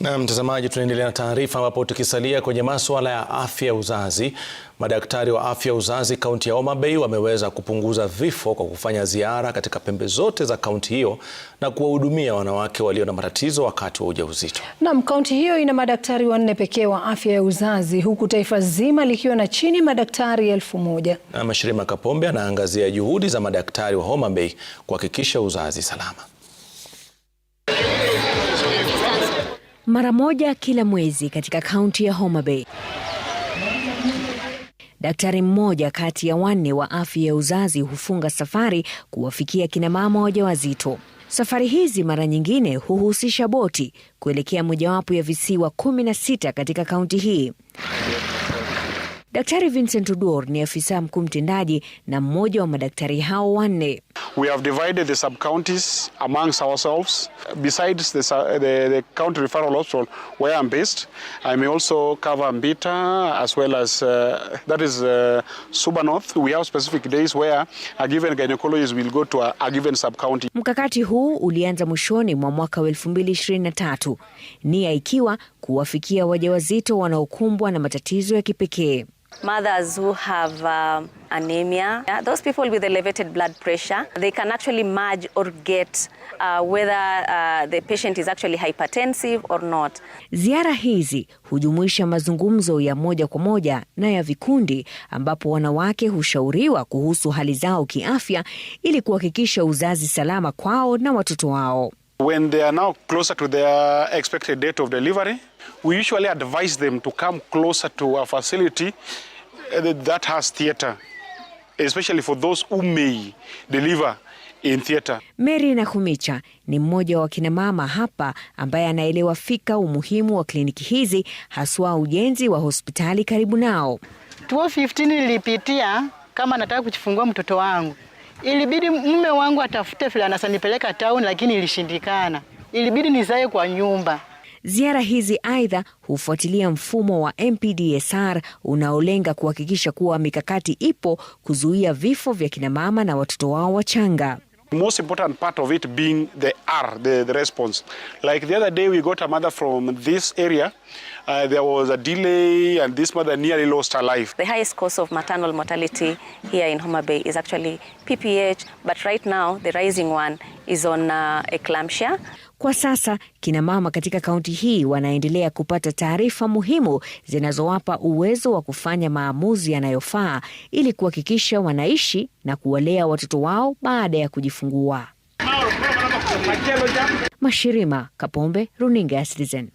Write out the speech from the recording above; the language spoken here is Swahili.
Na mtazamaji, tunaendelea na taarifa ambapo tukisalia kwenye masuala ya afya ya uzazi, madaktari wa afya ya uzazi kaunti ya Homa Bay wameweza kupunguza vifo kwa kufanya ziara katika pembe zote za kaunti hiyo na kuwahudumia wanawake walio na matatizo wakati wa ujauzito. Naam, kaunti hiyo ina madaktari wanne pekee wa afya ya uzazi huku taifa zima likiwa na chini madaktari elfu moja. Na Mashirima Kapombe anaangazia juhudi za madaktari wa Homa Bay kuhakikisha uzazi salama. mara moja kila mwezi katika kaunti ya Homa Bay. Daktari mmoja kati ya wanne wa afya ya uzazi hufunga safari kuwafikia kina mama wajawazito. Safari hizi mara nyingine huhusisha boti kuelekea mojawapo ya visiwa 16 katika kaunti hii. Daktari Vincent Tudor ni afisa mkuu mtendaji na mmoja wa madaktari hao wanne. We have divided the sub-counties amongst ourselves. Besides the, the, the county referral hospital where I'm based, I may also cover Mbita as well as, uh, that is uh, Suba North. We have specific days where a given gynecologist will go to a, a given sub-county. Mkakati huu ulianza mwishoni mwa mwaka wa 2023, nia ikiwa kuwafikia wajawazito wanaokumbwa na matatizo ya kipekee mothers who have uh, anemia yeah, those people with elevated blood pressure they can actually merge or get uh, whether uh, the patient is actually hypertensive or not. Ziara hizi hujumuisha mazungumzo ya moja kwa moja na ya vikundi ambapo wanawake hushauriwa kuhusu hali zao kiafya ili kuhakikisha uzazi salama kwao na watoto wao. When they are now closer to their expected date of delivery, we usually advise them to come closer to a facility eh, that has theater, especially for those who may deliver in theater. Mary Nakhumicha ni mmoja wa kina mama hapa ambaye anaelewa fika umuhimu wa kliniki hizi haswa ujenzi wa hospitali karibu nao. 2015 ilipitia kama nataka kujifungua mtoto wangu Ilibidi mume wangu atafute freelancer sanipeleka town, lakini ilishindikana. Ilibidi nizae kwa nyumba. Ziara hizi aidha hufuatilia mfumo wa MPDSR unaolenga kuhakikisha kuwa mikakati ipo kuzuia vifo vya kinamama na watoto wao wachanga. Most important part of it being the R, the, the response. Like the other day we got a mother from this area. Uh, there was a delay and this mother nearly lost her life. The highest cause of maternal mortality here in Homa Bay is actually PPH, but right now the rising one is on uh, eclampsia. Kwa sasa kinamama katika kaunti hii wanaendelea kupata taarifa muhimu zinazowapa uwezo wa kufanya maamuzi yanayofaa ili kuhakikisha wanaishi na kuwalea watoto wao baada ya kujifungua. Mashirima Kapombe, runinga ya Citizen.